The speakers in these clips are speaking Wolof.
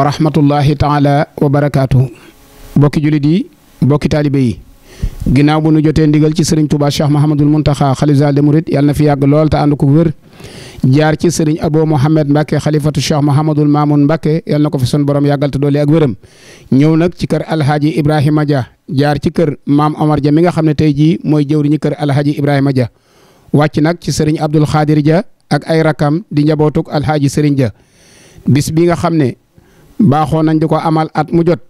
wa rahmatullahi taala wa barakaatu. bokki jullit yi mbokki taalibe yi ginnaaw bu nu jotee ndigal ci sëriñ Touba Cheikh Mahamadul Muntaxa xalifa de murit yàlla na fi yàgg lool te ànd ko wér jaar ci sëriñ Abo Mohamed Mbacke xalifatu Cheikh Mahamadul Mamoun Mbacke yàlla na ko fi son borom yàggal te doole ak wéram ñëw nag ci kër Alhaji Ibrahima Dia jaar ci kër maam Omar Dia mi nga xam ne tey jii mooy jëwriñu kër Alhaji Ibrahima Dia wàcc nag ci sëriñ Abdul Xaadir ja ak ay rakam di njabootug Alhaji Sëriñ Dia bis bi nga xam ne baaxoo nañ di ko amal at mu jot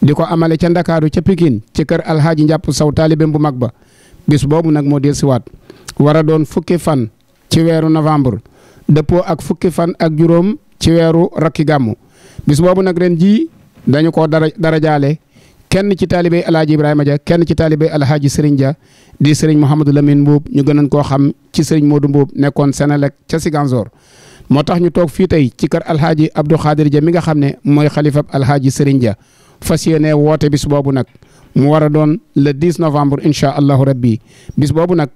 di ko amale ca ndakaaru ca pikin ci kër alxaaji njàpp saw taalibeem bu mag ba bis boobu nag moo dellusiwaat war a doon fukki fan ci weeru novembre dëppoo ak fukki fan ak juróom ci weeru rakki gàmmu bis boobu nag reen jii dañu ko dara dara jaale kenn ci taalibey alhaaji Ibrahima ja kenn ci taalibey alhaaji Serigne Dia di Serigne Mouhamadou Lamine Mbuub ñu gënoon koo xam ci Serigne Modou Mbuub nekkoon Senelec ca Siganzor moo tax ñu toog fii tey ci kër alxaaji Abdou Khadir ja mi nga xam ne mooy xalifab alxaaji sëriñ Dia fas yéene woote bis boobu nag mu war a doon le 10 novembre incha allahu rabbi bis boobu nag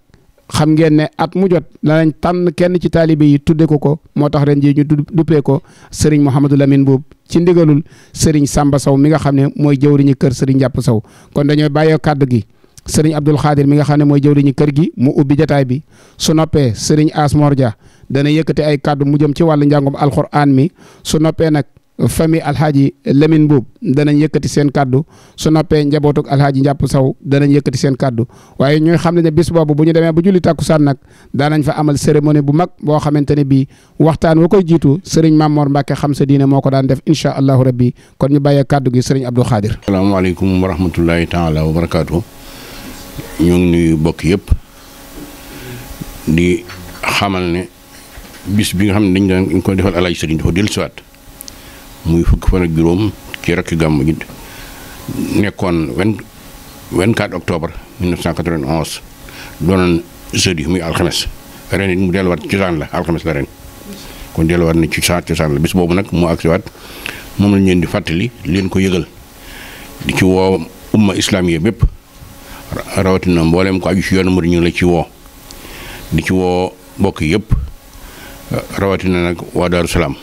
xam ngeen ne at mu jot danañ tànn kenn ci taalibe yi tudde ko ko moo tax ren jii ñu du duppee ko Serigne Mouhamadou Lamine Boub ci ndigalul Serigne sàmba saw mi nga xam ne mooy jëwriñu kër Serigne Jàpp saw kon dañoo bàyyee kàddu gi. sëriñ Abdul Xaadir mi nga xam ne mooy jëwriñu kër gi mu ubbi jataay bi su noppee sëriñ Asmor Dia dana yëkkati ay kàddu mu jëm ci wàllu njàngum alxuraan mi su noppee nag famille alxaaji Lamine Mbuub danañ yëkkati seen kàddu su noppee njabootug alxaaji njàpp saw danañ yëkkati seen kàddu waaye ñooy xam ne ne bis boobu bu ñu demee bu julli saan nag daanañ fa amal cérémonie bu mag boo xamante ne bii waxtaan wa koy jiitu sëriñ Mamor Mbàkke xam sa diine moo ko daan def incha allahu rabbi kon ñu bàyyee kàddu gi sëriñ Abdou Khadir. asalaamaaleykum wa rahmatullahi taala wa barakaatu ñu ngi nuyu bokk yëpp di ne bis bi nga xam ne dañ daan ñu koy defal alaaji sëriñ dafa dellusiwaat muy fukki fan ak juróom ci rakki gàmmu gi nekkoon vingt vingt quatre octobre 1991 doonoon jeudi muy alxames ren it mu delluwaat cosaan la alxames la ren kon delluwaat na ci saa cosaan la bis boobu nag moo agsiwaat moom lañ leen di fàttali leen ko yëgal di ci woo umma islamiya bépp rawatina mbooleem ko aju ci yoonu murid ñu la ci woo di ci woo mbokk yëpp rawatina nag waa Daaru Salaam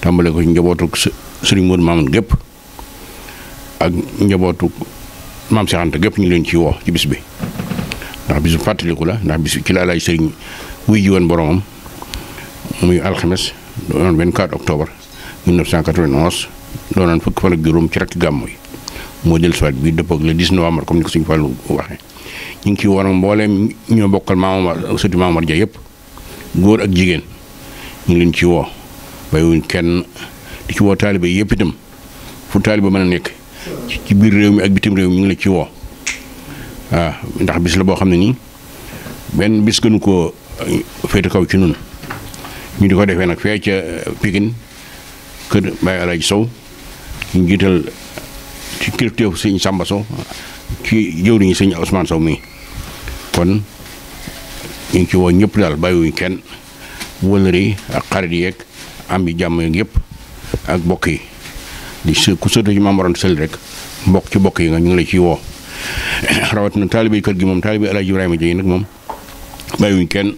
tàmbale ko ci njabootuk sëriñ Moodu Maamun gépp ak njabootuk maam Seex gépp ñu leen ci woo ci bis bi ndax bisu fàttaliku la ndax bisu ci laa laaj sëriñ wuy ji woon boromam muy alxames doonoon 24 octobre 1991 ci rakk gàmmu moo del soit bi dëppoog le 10 novembre comme ni ko sëriñ Fallou waxee ñu ngi ciy waroon mbooleem ñoo bokkal maamam sëti maamam Dia yëpp góor ak jigéen ñu leen ci woo bàyyiwuñ kenn di ci woo taaliba yépp dem fu taaliba mën a nekk ci biir réew mi ak bitim réew mi ñu ngi la ci woo waaw ndax bis la boo xam ne nii benn bis gënu ko uh, féete kaw ci nun ñu di ko defee nag fee ca uh, Pikine kër Baye Alaaji Sow ñu jiital ci kilifteefu sëñ Samba Sow ci jëwriñu sëñ Ousmane Sow mii kon ñu ngi ci woo ñëpp daal bàyyiwuñ kenn wëlëri ak xarit yeeg am yi jàmm yeeg yëpp ak bokk yi di s ku sëtu ci Maam Mor Anta rek mbokk ci bokk yi nga ñu ngi la ciy woo na taalibe kër gi moom taalibe El Hadj Ibrahima Dieye nag moom bàyyiwuñ kenn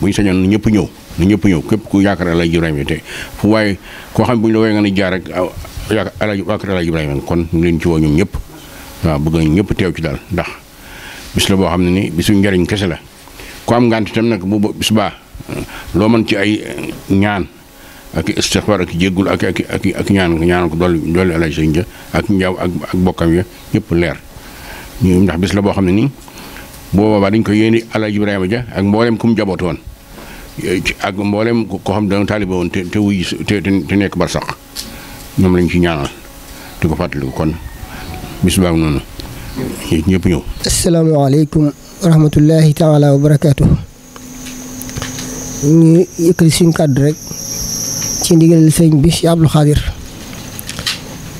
bu ñu sañoon nu ñëpp ñëw nu ñëpp ñëw képp ku yaakaar El Hadj Ibrahima te fu waaye koo xam ne la wooyee nga ne jaar rek yaakaar El ñëpp waaw bëgg ñëpp teew ci daal ndax bis la boo xam ne ni bisu njariñ kese la ku am ngànt itam nag bu subaa loo mën ci ay ñaan ak istixfaar ak jéggul ak ak ak ak ñaan ñaan ko dool dool El Hadj Sëñ ak njaaw ak ak bokkam ya ñëpp leer ñu ndax bis la boo xam ne nii boo boobaa dañ ko yéene El Hadj Ibrahima Dia ak mboolem ku mu jabootoon ak mboolem ko xam ne taaliba woon te te wuy te te nekk barsax ñoom lañ ci ñaanal di ko fàttaliku kon bis baa noonu ñëpp ñëw. asalaamaaleykum wa ñu yëkkati suñ kàddu rek ci ndigal sëñ bis si Abdou Khadir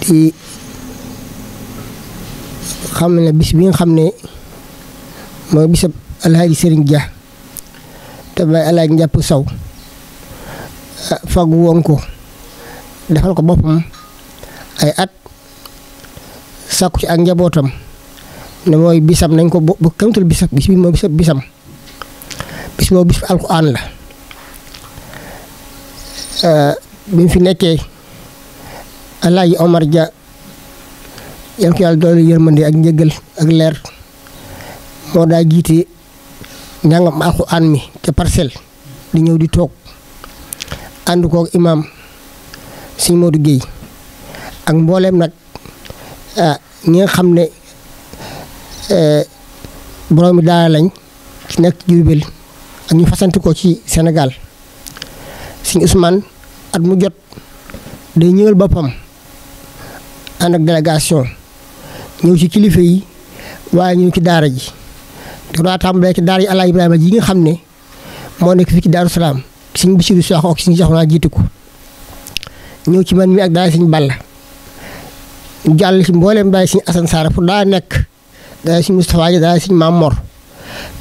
di xam ne bis bi nga xam ne mooy bisab alhaaji sëriñ Dia te bàyyi njàpp saw fagu woon ko defal ko boppam ay at sàkku ci ak njabootam ne mooy bisam nañ ko ba kamtul bisam bis bi bisam bis boobu la Euh, bi fi nekkee Alaaji Omar Dia yal ko yàlla doolu yërmande ak njëgal ak leer moo daa jiite njàngam alxuraan mi te parcelle di ñëw di toog ànd koog imaam Sëñ Modou Guèye ak mbooleem nag ah, ñi nga xam ne eh, boroomi daara lañ ci nekk Jurbel ak ñu fasanti ko ci senegal Sëñ Ousmane at mu jot day ñëwal boppam ànd ak délégation ñëw ci kilifa yi waaye ñëw ci daara ji te mu tàmbalee ci daara yi Alaa Ibrahima ji nga xam ne moo nekk fii ci Daaru Salaam suñ Basiru Saaxo ak suñ Jaxuna jiitu ko ñëw ci man mi ak daara suñ Balla jàll daa nekk daara suñ Mustapha ji daara suñ Maam Mor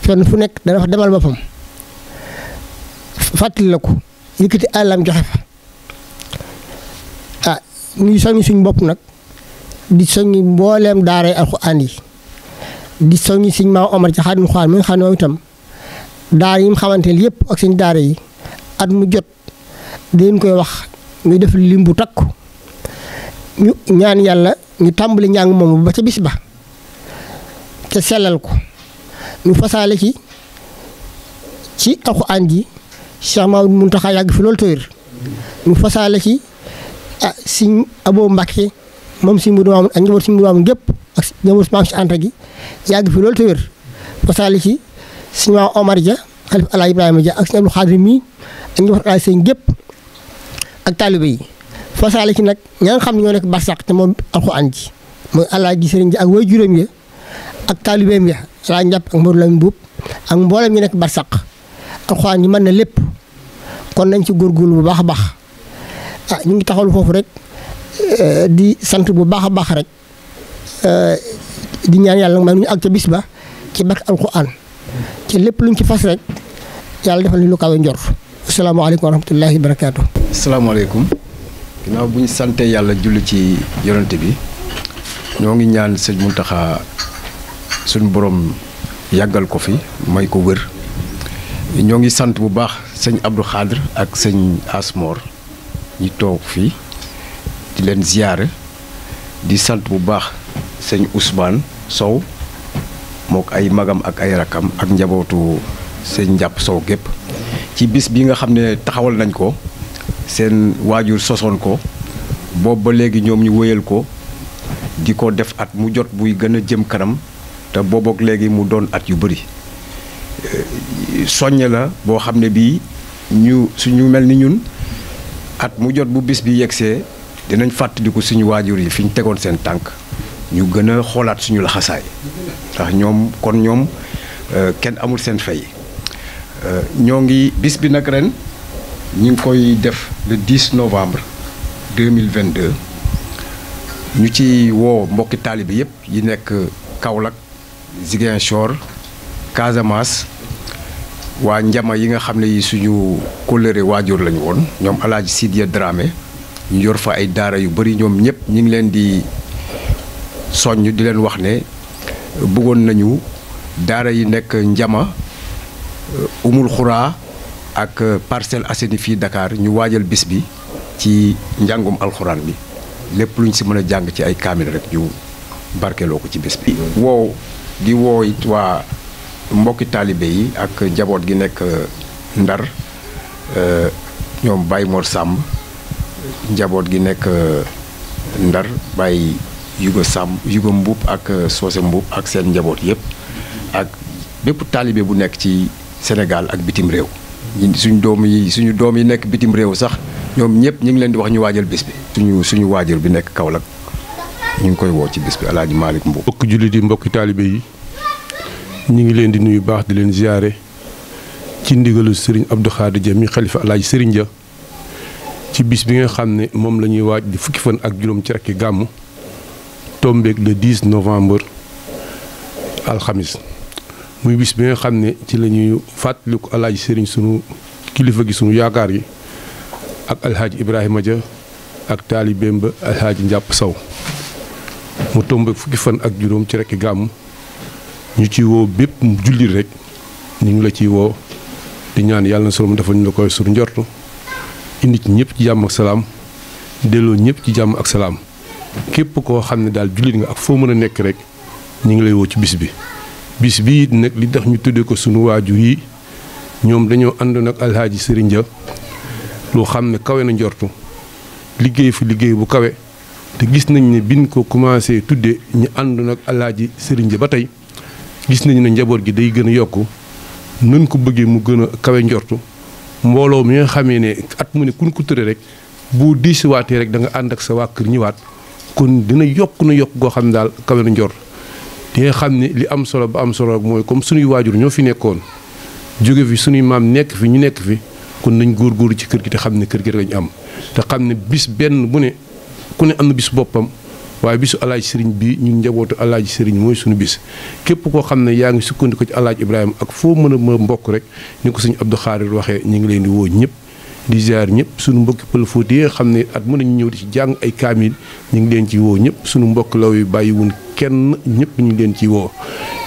fenn fu nekk dana fa demal boppam fàttali la ko yëkkati àllam joxe fa ñuy soññ suñ bopp nag di soññ mbooleem daaray alxuraan yi di soññ suñ maam Omar ci xaadim xaal mi nga itam daara yi mu xamante ne yëpp ak seen daara yi at mu jot dañ koy wax ñu def lim bu takku ñu ñaan yàlla ñu tàmbali njàng moomu ba ca bis ba te sellal ko ñu fasaale ci ci alxuraan ji Cheikh Mamadou Mountakha yàgg fi loolu tëyër ñu fasaale ci. ah sëñ Abo Mbacke moom sëñ Modou Mamoune ak njaboot sëñ Modou Mamoune gépp ak si Anta gi yàgg fi loolu te wér ci sëñ maam Omar Dia xalif Alaaji Ibrahima Dia ak sëñ Abdou Xaadir mii ak njaboot Alaaji sëñ gépp ak ci nag ña nga xam ne nekk barsax te moom alxuraan ji mooy Alaaji sëriñ ak way juróom ya ak taalibeem ya Alaaji Njàpp ak Modou Lamine Buub ak mboolem ñu nekk barsax alxuraan ji mën na kon nañ ci góorgóorlu bu baax a baax ah ñu ngi taxawlu foofu rek euh, di sant bu baax a baax rek euh, di ñaan yàlla may nu ñu àgg ca bis ba ci bakk alquran ci lépp luñ ci fas rek yàlla defal ni lu kawe njor. asalaamaaleykum wa rahmatullahi wa barakaatu. asalaamaaleykum ginnaaw bu ñu santee yàlla julli ci yonante bi ñoo ngi ñaan sëñ Muntaxa suñ boroom yàggal ko fi may ko wër ñoo ngi sant bu baax sëñ Abdou Khadre ak sëñ Asmor. ñi toog fii di leen ziyaare di sant bu baax sëñ Ousmane Sow mook ay magam ak ay rakkam ak njabootu sëñ njàpp Sow gépp ci bis bi nga xam ne taxawal nañ ko seen waajur sosoon ko boobu ba léegi ñoom ñu wéyal ko di ko def at mu jot buy gën a jëm kanam te boobook léegi mu doon at yu bari euh, soññe la boo xam ne bii ñu suñu mel ni ñun at mu jot bu bis bi yegsee dinañ fàttaliku suñu waajur yi fi ñu tegoon seen tànk ñu gën a xoolaat suñu laxasaay ndax ñoom kon ñoom euh, kenn amul seen fay euh, ñoo ngi bis bi nag ren ñu ngi koy def le 10 novembre 2022 ñu ci woo mbokki taalibe yépp yi nekk Kaolack Ziguinchor Casamance waa njama yi nga xam ne yi suñu kóllëre waajur lañu woon ñoom alaaji Sidiya Dramé ñu yor fa ay daara yu bari ñoom ñëpp ñu ngi leen di soññ di leen wax ne bëggoon nañu daara yi nekk njama euh, umul xuraa ak euh, parcelle Assainies fii Dakar ñu waajal bis bi ci njàngum alxuraan bi lépp luñ si mën a jàng ci ay kaamil rek ñu barkeloo ko ci bis bi. woow di woo it waa mbokki taalibe yi ak njaboot gi nekk uh, Ndar uh, ñoom Baye Mor Samb njaboot gi nekk uh, Ndar Baye Yugo Samb Yugo Mbuub ak Soose Mbuub ak seen njaboot yëpp ak bépp taalibe bu nekk ci Sénégal ak bitim réew suñu doom yi suñu doom yi nekk bitim réew sax ñoom ñëpp ñu ngi leen di wax ñu waajal bis bi suñu suñu waajur bi nekk Kaolack ñu ngi koy woo ci bis bi Alaaji Malick Mbuub mbokki jullit yi mbokki taalibe yi ñu ngi leen di nuyu baax di leen ziyaare ci ndigalu sëriñ Abdou Khadir Dia mi xalifa Alaaji Serigne Dia ci bis bi nga xam ne moom la ñuy waaj di fukki fan ak juróom ci rekki gàmmu tombeeg le 10 novembre alxamis muy bis bi nga xam ne ci la ñuy fàttaliku Alaaji sëriñ sunu kilifa gi sunu yaakaar yi ak Alxaaji Ibrahima Dia ak taalibeem ba Alxaaji Njàpp Saw mu tombeeg fukki fan ak juróom ci rekki gàmmu ñu ci woo bépp mu jullit rek ñu ngi la ciy woo di ñaan yàlla na solom dafa ñu la koy sur njort indi ci ñëpp ci jàmm ak salaam delloo ñëpp ci jàmm ak salaam képp koo xam ne daal jullit nga ak foo mën a nekk rek ñu ngi lay woo ci bis bi bis bi nag li tax ñu tuddee ko sunu waaju yi ñoom dañoo ànd àndoon ak alhaaji Sëriñ Dia loo xam ne kawe na njortu liggéey fi liggéey bu kawe te gis nañ ne biñ ko commencé tudde ñu àndoon ak alhaaji Sëriñ Dia ba tey gis nañu ne njaboot gi day gën a yokku nun ko bëggee mu gën a kawe njortu mbooloo mi nga xamee ne at mu ne kun ko tëre rek bu diisiwaatee rek da nga ànd ak sa waa kër ñëwaat kon dina yokk na yokk goo xam ne daal kawe na njort di nga xam ne li am solo ba am solo mooy comme suñuy waajur ñoo fi nekkoon jóge fi sunuy maam nekk fi ñu nekk fi kon nañ góorgóorlu ci kër gi te xam ne kër gi rek lañu am te xam ne bis benn bu ne ku ne am na bis boppam. waaye bisu alaaji sëriñ bi ñu njabootu alaaji sëriñ mooy suñu bis képp koo xam ne yaa ngi sukkandiku ci alaaji ibrahim ak foo mën a mbokk rek ni ko suñu Abdou Xaadir waxee ñu ngi leen di woo ñëpp di ziar ñëpp suñu mbokki pël Fuuta yi xam ne at mën nañu ñëw ci jàng ay kaamil ñu ngi leen ci woo ñëpp suñu mbokk law yi bàyyiwun kenn ñëpp ñu ngi leen ci woo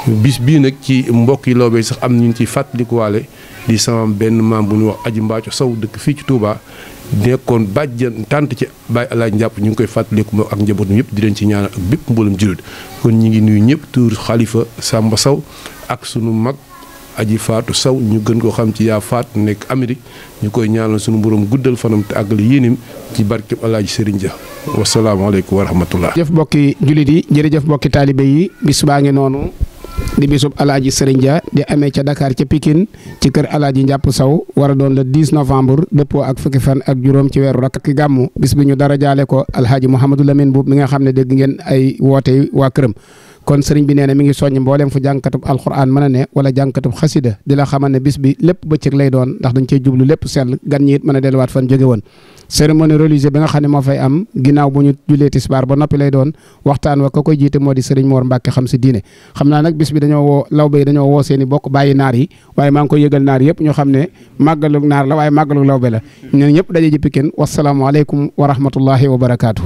bis bii nag ci mbokk yi lawbe sax am ñu ciy fàttalikuwaale di sama benn maam bu ñu wax aji mbaaco saw dëkk fii ci tuubaa nekkoon bàjjan tant ci bàyyi alaaj njàpp ñu ngi koy fàttaliku moom ak njabootam yëpp di leen ci ñaanal ak bépp mboolum jullit kon ñu ngi nuyu ñëpp tuur xalifa sàmba saw ak sunu mag aji faatu saw ñu gën koo xam ci yaa faat nekk Amérique ñu koy ñaanal sunu borom guddal fanam te àggale yéenim ci barkeb alaaji sëriñ ja wasalaamaaleykum wa rahmatullah jëf mbokki jullit yi jërëjëf mbokki taalibe yi bis baa ngi noonu di bisub alaaji Serigne Dia di amee ca Dakar ca Pikine ci kër alaaji Njàpp Saw war a doon le 10 novembre dëppoo ak fukki fan ak juróom ci weeru rakk ki gàmmu bis bi ñu dara jaale ko alhaaji Mouhamadou Lamine Mboup mi nga xam ne dégg ngeen ay woote waa këram kon sëriñ bi nee mi ngi soññ mbooleem fu jànkatub alxuraan mën a ne wala jànkatub xasida di la xamal ne bis bi lépp bëccëg lay doon ndax dañ cey jublu lépp sell gan ñi it mën a delluwaat fan jóge woon cérémonie religieuse bi nga ne moo fay am ginnaaw bu ñu julee tisbaar ba noppi lay doon waxtaan wa ka koy jiite moo di sëriñ Mor Mbàkke xam si diine xam naa nag bis bi dañoo woo lawbe yi dañoo woo seeni bokk bàyyi naar yi waaye maa ngi koy yëgal naar yëpp ñu xam ne màggalug naar la waaye màggalug lawbe la ñun ñëpp daje ji Pikine wasalaamualeykum wa rahmatullahi wa barakaatu